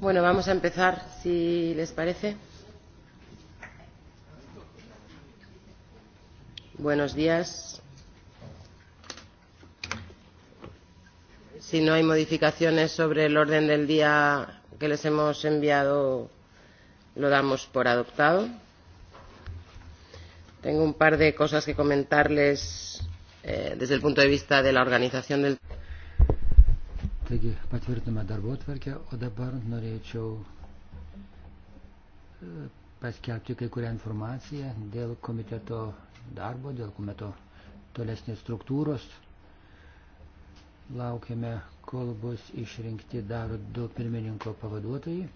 Bueno, vamos a empezar, si les parece. Buenos días. Si no hay modificaciones sobre el orden del día que les hemos enviado, lo damos por adoptado. Tengo un par de cosas que comentarles eh, desde el punto de vista de la organización del Taigi patvirtume darbo atvarkę, o dabar norėčiau e, paskelbti kai kurią informaciją dėl komiteto darbo, dėl komiteto tolesnės struktūros. Laukiame, kol bus išrinkti dar du pirmininko pavaduotojai.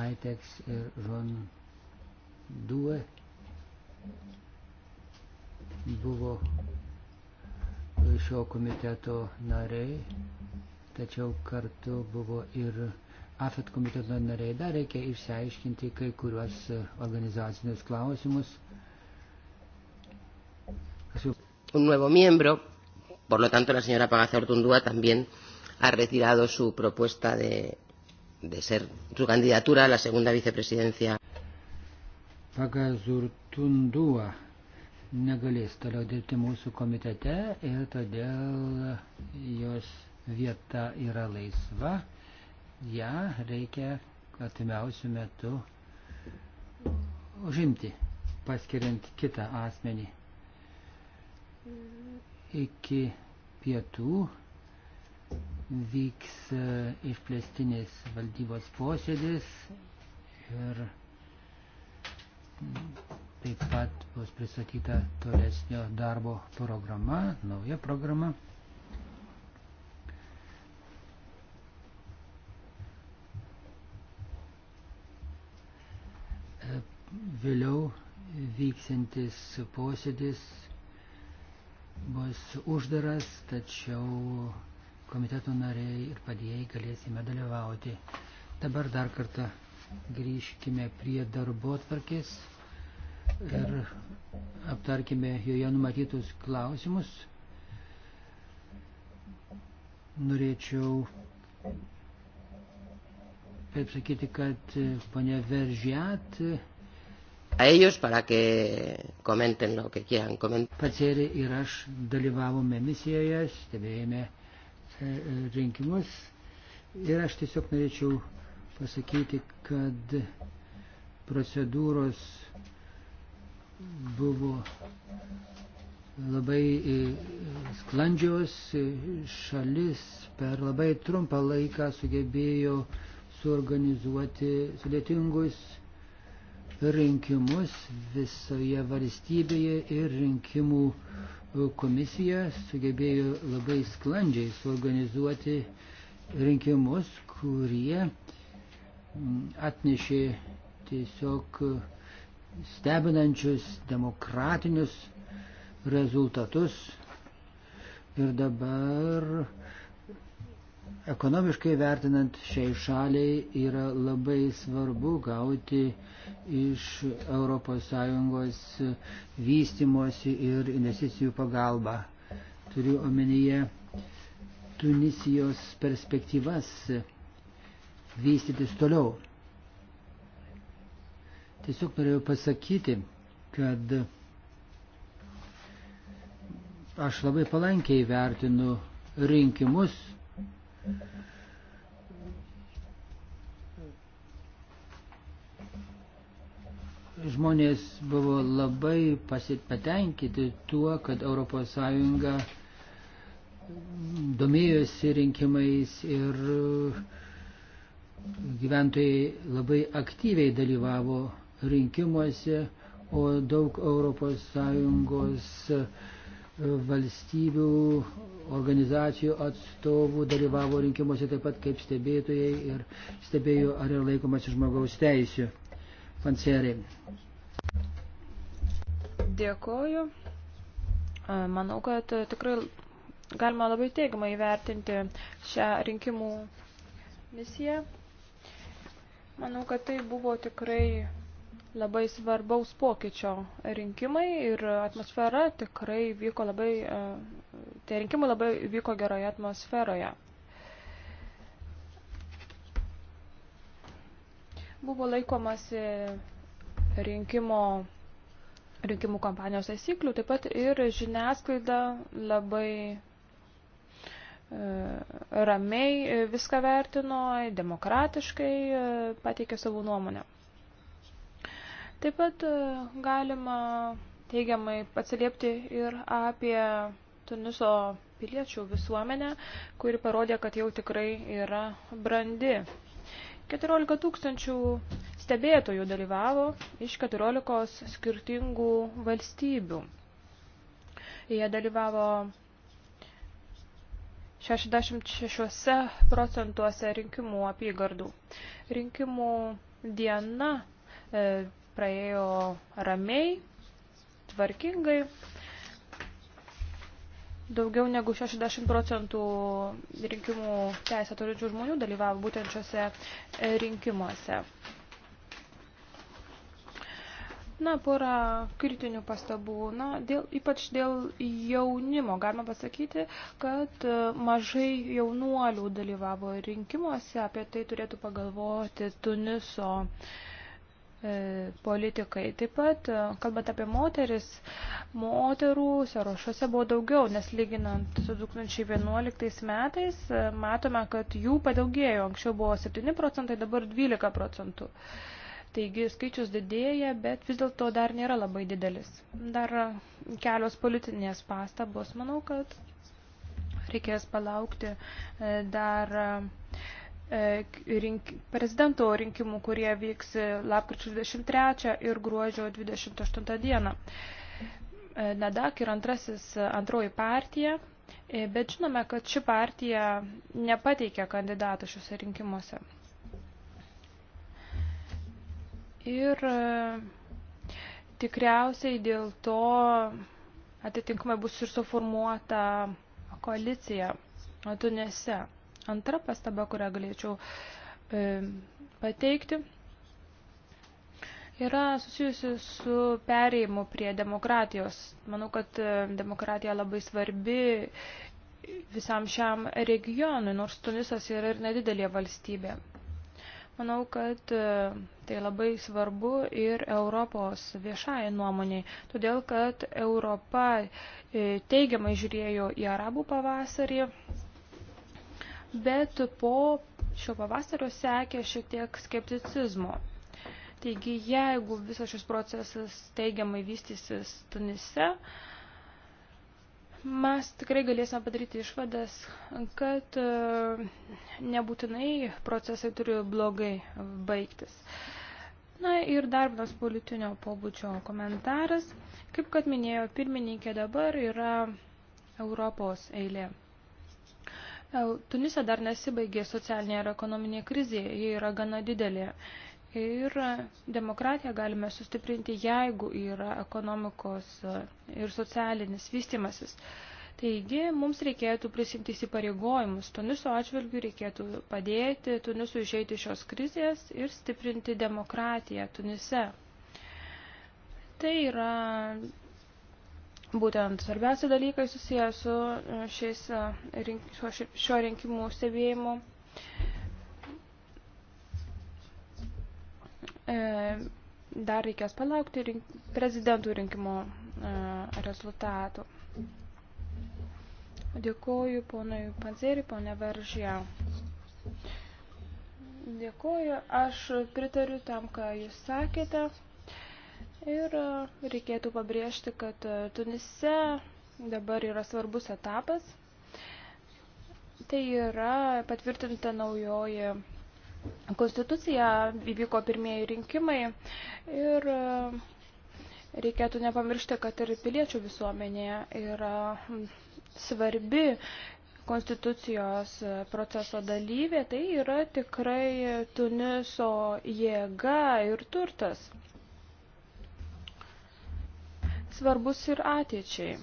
Maiteks ir Žon Due buvo šio komiteto nariai, tačiau kartu buvo ir AFET komiteto nariai. Dar reikia išsiaiškinti kai kuriuos organizacinius klausimus. Un nuevo miembro, por lo tanto la señora Pagazortundúa también ha retirado su propuesta de, de ser su candidatura a la segunda vicepresidencia. Pagazortundúa negalės toliau dirbti mūsų komitete ir todėl jos vieta yra laisva. Ja reikia atimiausių metų užimti, paskiriant kitą asmenį. Iki pietų vyks e, išplėstinis valdybos posėdis ir Taip pat bus pristatyta tolesnio darbo programa, nauja programa. Vėliau vyksintis posėdis bus uždaras, tačiau komiteto nariai ir padėjai galėsime dalyvauti. Dabar dar kartą grįžkime prie darbo atvarkės ir aptarkime joje numatytus klausimus. Norėčiau taip sakyti, kad ponia Veržiat. A ellos para que comenten lo que quieran comentar. Pacerė ir aš dalyvavome misijoje, stebėjome e, rinkimus ir aš tiesiog norėčiau pasakyti, kad procedūros buvo labai e, sklandžios e, šalis per labai trumpą laiką sugebėjo suorganizuoti sudėtingus rinkimus visoje valstybėje ir rinkimų e, komisija sugebėjo labai sklandžiai suorganizuoti rinkimus, kurie atnešė tiesiog stebinančius demokratinius rezultatus. Ir dabar ekonomiškai vertinant šiai šaliai yra labai svarbu gauti iš ES vystimosi ir investicijų pagalbą. Turiu omenyje Tunisijos perspektyvas vystytis toliau. Tiesiog norėjau pasakyti, kad aš labai palankiai vertinu rinkimus. Žmonės buvo labai pasitenkinti tuo, kad ES domėjosi rinkimais ir gyventojai labai aktyviai dalyvavo rinkimuose, o daug ES e, valstybių organizacijų atstovų dalyvavo rinkimuose taip pat kaip stebėtojai ir stebėjo, ar yra laikomasi žmogaus teisių. Panseriai. Dėkoju. E, manau, kad e, tikrai galima labai teigiamai įvertinti šią rinkimų misiją. Manau, kad tai buvo tikrai labai svarbaus pokyčio rinkimai ir atmosfera tikrai vyko labai, e, tie rinkimai labai vyko geroje atmosferoje. Buvo laikomasi rinkimo, rinkimų kampanijos taisyklių, taip pat ir žiniasklaida labai e, ramiai viską vertino, demokratiškai e, pateikė savo nuomonę. Taip pat e, galima teigiamai atsiliepti ir apie Tuniso piliečių visuomenę, kuri parodė, kad jau tikrai yra brandi. 14 tūkstančių stebėtojų dalyvavo iš 14 skirtingų valstybių. Jie dalyvavo 66 procentuose rinkimų apygardų. Rinkimų diena e, praėjo ramiai, tvarkingai. Daugiau negu 60 procentų rinkimų teisę turinčių žmonių dalyvavo būtent šiuose e, rinkimuose. Na, pora kritinių pastabų. Na, dėl, ypač dėl jaunimo. Galima pasakyti, kad e, mažai jaunuolių dalyvavo rinkimuose. Apie tai turėtų pagalvoti Tuniso uh, E, politikai. Taip pat, e, kalbant apie moteris, moterų sąrašuose buvo daugiau, nes lyginant su 2011 metais e, matome, kad jų padaugėjo. Anksčiau buvo 7 procentai, dabar 12 procentų. Taigi skaičius didėja, bet vis dėlto dar nėra labai didelis. Dar kelios politinės pastabos. Manau, kad reikės palaukti dar E, rink, prezidento rinkimų, kurie vyks lapkričio 23 ir gruodžio 28 dieną. E, Nadak ir antrasis, antroji partija, e, bet žinome, kad ši partija nepateikia kandidatų šiuose rinkimuose. Ir tikriausiai dėl to atitinkamai bus ir suformuota koalicija Tunise. Antra pastaba, kurią galėčiau e, pateikti, yra susijusi su perėjimu prie demokratijos. Manau, kad e, demokratija labai svarbi visam šiam regionui, nors Tunisas yra ir nedidelė valstybė. Manau, kad e, tai labai svarbu ir Europos viešai nuomoniai, todėl kad Europa e, teigiamai žiūrėjo į arabų pavasarį bet po šio pavasario sekė šiek tiek skepticizmo. Taigi, jeigu visas šis procesas teigiamai vystysis Tunise, mes tikrai galėsime padaryti išvadas, kad e, nebūtinai procesai turi blogai baigtis. Na ir dar vienas politinio pobūdžio komentaras. Kaip kad minėjo pirmininkė, dabar yra Europos eilė. E, Tunise dar nesibaigė socialinė ir ekonominė krizė, ji yra gana didelė. Ir demokratiją galime sustiprinti, jeigu yra ekonomikos e, ir socialinis vystimasis. Taigi, mums reikėtų prisimti įsipareigojimus. Tuniso atžvilgių reikėtų padėti Tunisu išeiti šios krizės ir stiprinti demokratiją Tunise. Tai yra Būtent svarbiausia dalykai susiję su e, šiais, e, šio rinkimų stebėjimu. E, dar reikės palaukti rink, prezidentų rinkimo rezultatų. Dėkuoju ponui Panzerį, ponė Veržė. Dėkuoju, aš pritariu tam, ką jūs sakėte. Ir e, reikėtų pabrėžti, kad e, Tunise dabar yra svarbus etapas. Tai yra patvirtinta naujoji konstitucija, įvyko pirmieji rinkimai ir e, reikėtų nepamiršti, kad ir piliečių visuomenė yra svarbi konstitucijos proceso dalyvė, tai yra tikrai Tuniso jėga ir turtas svarbus ir ateičiai.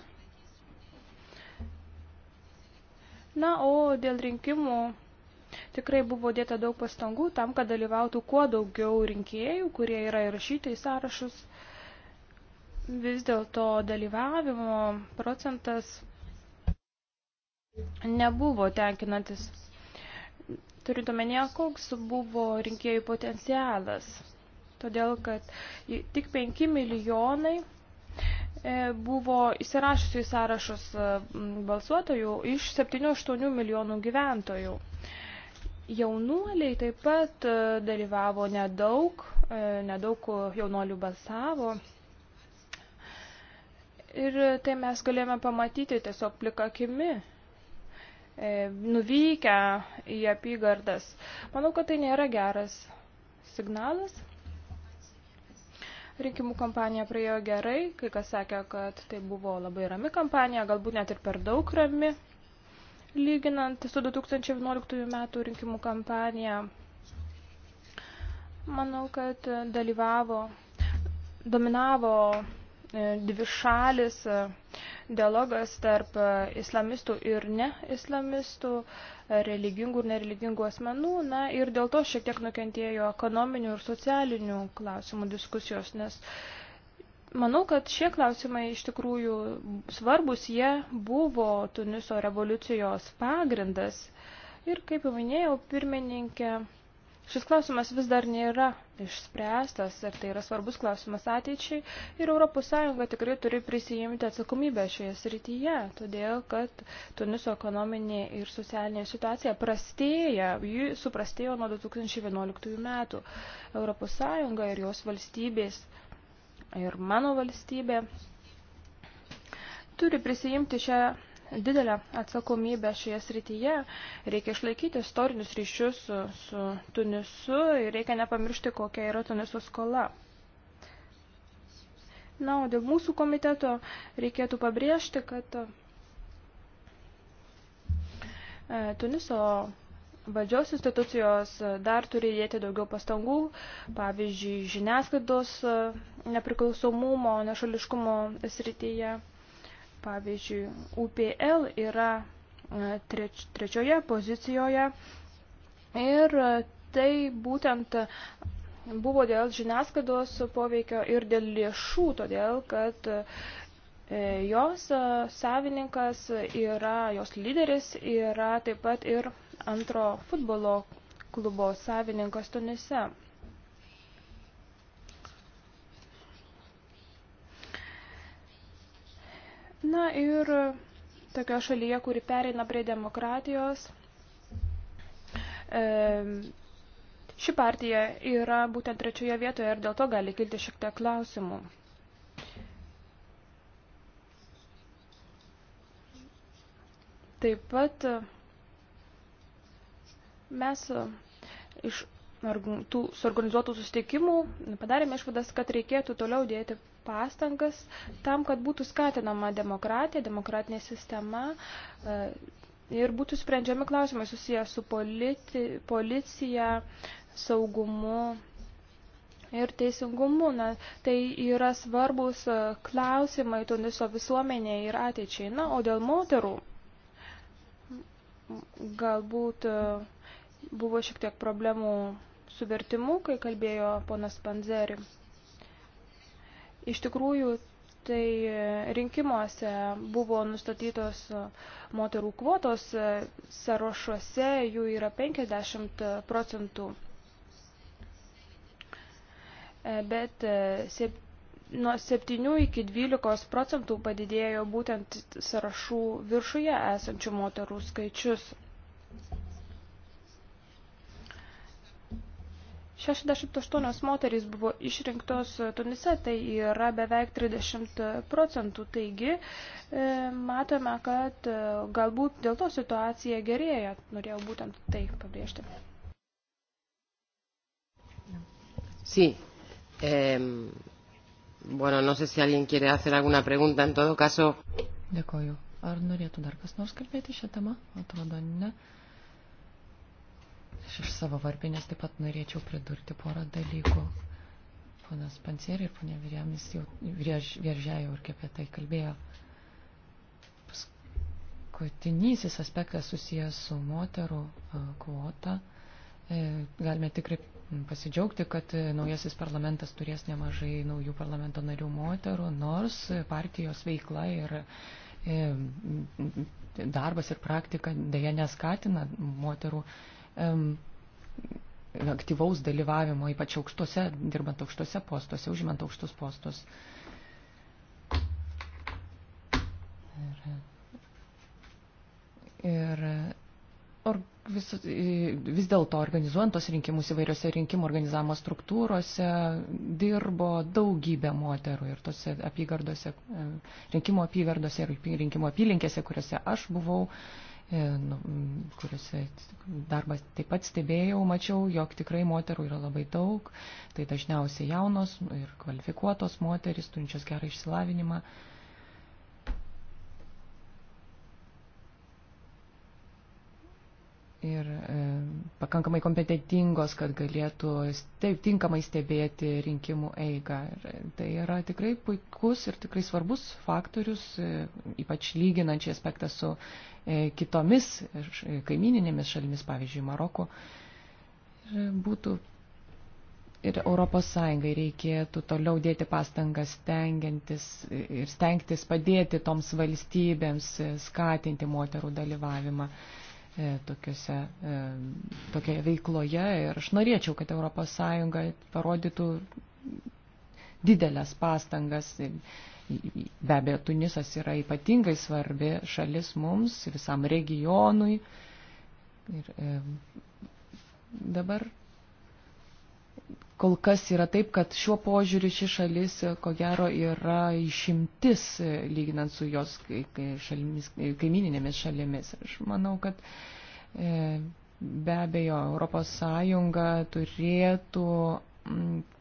Na, o dėl rinkimų tikrai buvo dėta daug pastangų tam, kad dalyvautų kuo daugiau rinkėjų, kurie yra įrašyti į sąrašus. Vis dėlto dalyvavimo procentas nebuvo tenkinantis. Turint omenyje, koks buvo rinkėjų potencialas. Todėl, kad tik 5 milijonai E, buvo įsirašusių į sąrašus e, balsuotojų iš 7-8 milijonų gyventojų. Jaunuoliai taip pat e, dalyvavo nedaug, nedaug jaunuolių balsavo. Ir tai mes galėjome pamatyti tiesiog plikakimi, nuvykę į apygardas. Manau, kad tai nėra geras signalas rinkimų kampanija praėjo gerai, kai kas sakė, kad tai buvo labai rami kampanija, galbūt net ir per daug rami, lyginant su 2011 metų rinkimų kampanija. Manau, kad dalyvavo, dominavo e, dvi šalis dialogas tarp e, islamistų ir neislamistų, e, religingų ir nereligingų asmenų. Na ir dėl to šiek tiek nukentėjo ekonominių ir socialinių klausimų diskusijos, nes manau, kad šie klausimai iš tikrųjų svarbus, jie buvo Tuniso revoliucijos pagrindas. Ir kaip jau minėjau, pirmininkė Šis klausimas vis dar nėra išspręstas ir tai yra svarbus klausimas ateičiai ir ES tikrai turi prisijimti atsakomybę šioje srityje, todėl kad Tuniso ekonominė ir socialinė situacija prastėja, ji suprastėjo nuo 2011 metų. ES ir jos valstybės ir mano valstybė turi prisijimti šią didelę atsakomybę šioje srityje. Reikia išlaikyti istorinius ryšius su, su Tunisu ir reikia nepamiršti, kokia yra Tuniso skola. Na, o dėl mūsų komiteto reikėtų pabrėžti, kad e, Tuniso valdžios institucijos dar turi dėti daugiau pastangų, pavyzdžiui, žiniasklaidos e, nepriklausomumo, nešališkumo srityje. Pavyzdžiui, UPL yra e, treč, trečioje pozicijoje ir e, tai būtent buvo dėl žiniasklaidos poveikio ir dėl lėšų, todėl kad e, jos savininkas yra, jos lyderis yra taip pat ir antro futbolo klubo savininkas Tunise. Na ir tokia šalyje, kuri pereina prie demokratijos, ši partija yra būtent trečioje vietoje ir dėl to gali kilti šiek tiek klausimų. Taip pat mes iš tų suorganizuotų susitikimų padarėme išvadas, kad reikėtų toliau dėti pastangas tam, kad būtų skatinama demokratija, demokratinė sistema e, ir būtų sprendžiami klausimai susiję su politi, policija, saugumu ir teisingumu. Na, tai yra svarbus e, klausimai Tuniso visuomenėje ir ateičiai. Na, o dėl moterų galbūt e, buvo šiek tiek problemų su vertimu, kai kalbėjo ponas Panzeri. Iš tikrųjų, tai rinkimuose buvo nustatytos moterų kvotos, sąrašuose jų yra 50 procentų. Bet sep, nuo 7 iki 12 procentų padidėjo būtent sąrašų viršuje esančių moterų skaičius. 68 moterys buvo išrinktos e, Tunise, tai yra beveik 30 procentų. Taigi e, matome, kad e, galbūt dėl to situacija gerėja. Norėjau būtent tai pabrėžti. Sí. Eh, bueno, no sé si alguien quiere hacer alguna pregunta. En todo caso. Dėkoju. Ar norėtų dar kas nors kalbėti šią temą? Atrodo, ne. Uh, Aš iš savo varpinės taip pat norėčiau pridurti porą dalykų. Ponas Panceri ir ponė Virėmis jau vieržėjo ir kaip apie tai kalbėjo. Paskutinysis aspektas susijęs su moterų e, kvota. E, galime tikrai pasidžiaugti, kad e, naujasis parlamentas turės nemažai naujų parlamento narių moterų, nors partijos veikla ir darbas ir praktika dėja neskatina moterų um, aktyvaus dalyvavimo, ypač aukštuose, dirbant aukštuose postuose, užimant aukštus postus. Ir, ir or, vis, vis dėlto organizuojant tos rinkimus įvairiose rinkimų organizavimo struktūrose dirbo daugybė moterų ir tose apygardose, rinkimų apygardose ir rinkimų apylinkėse, kuriuose aš buvau, E, nu, kuris darbas taip pat stebėjau, mačiau, jog tikrai moterų yra labai daug, tai dažniausiai jaunos ir kvalifikuotos moteris, turinčios gerą išsilavinimą. E, ir e, pakankamai kompetentingos, kad galėtų taip tinkamai stebėti rinkimų eigą. Ir e, tai yra tikrai puikus ir tikrai svarbus faktorius, e, ypač lyginančiai aspektą su e, kitomis e, kaimininėmis šalimis, pavyzdžiui, Maroku. Ir būtų ir Europos Sąjungai reikėtų toliau dėti pastangas stengiantis e, ir stengtis padėti toms valstybėms e, skatinti moterų dalyvavimą. E, E, tokiuose, e, tokioje veikloje ir aš norėčiau, kad ES parodytų didelės pastangas. Be abejo, Tunisas yra ypatingai svarbi šalis mums, visam regionui. Ir e, dabar kol kas yra taip, kad šiuo požiūriu ši šalis ko gero yra išimtis lyginant su jos šalimis, kaimininėmis šalimis. Aš manau, kad e, be abejo ES turėtų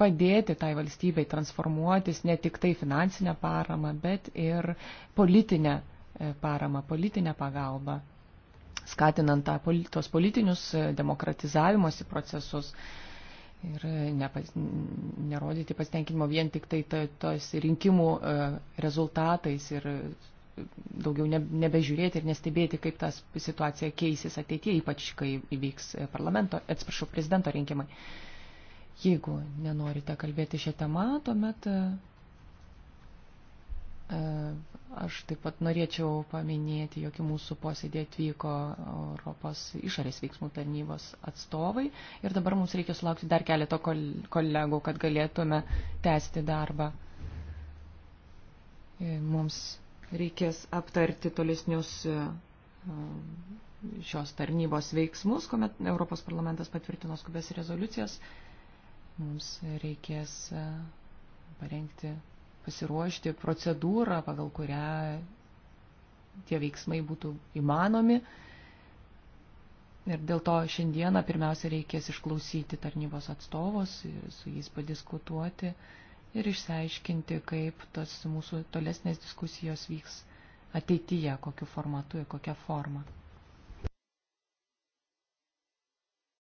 padėti tai valstybei transformuotis ne tik tai finansinę paramą, bet ir politinę e, paramą, politinę pagalbą, skatinant tą, tos politinius e, demokratizavimosi procesus. E, ir nepas, nerodyti pasitenkinimo vien tik tai tos ta, rinkimų e, rezultatais ir e, daugiau ne, nebežiūrėti ir nestebėti, kaip tas situacija keisis ateitie, ypač kai įvyks parlamento, atsiprašau, prezidento rinkimai. Jeigu nenorite kalbėti šią temą, tuomet e, E, aš taip pat norėčiau paminėti, jog į mūsų posėdį atvyko Europos išorės veiksmų tarnybos atstovai ir dabar mums reikia sulaukti dar keleto kolegų, kad galėtume tęsti darbą. E, mums reikės aptarti tolesnius e, šios tarnybos veiksmus, kuomet Europos parlamentas patvirtino skubės rezoliucijas. Mums reikės parengti pasiruošti procedūrą, pagal kurią tie veiksmai būtų įmanomi. Ir dėl to šiandieną pirmiausia reikės išklausyti tarnybos atstovus, su jais padiskutuoti ir išsiaiškinti, kaip tas mūsų tolesnės diskusijos vyks ateityje, kokiu formatu ir kokia forma.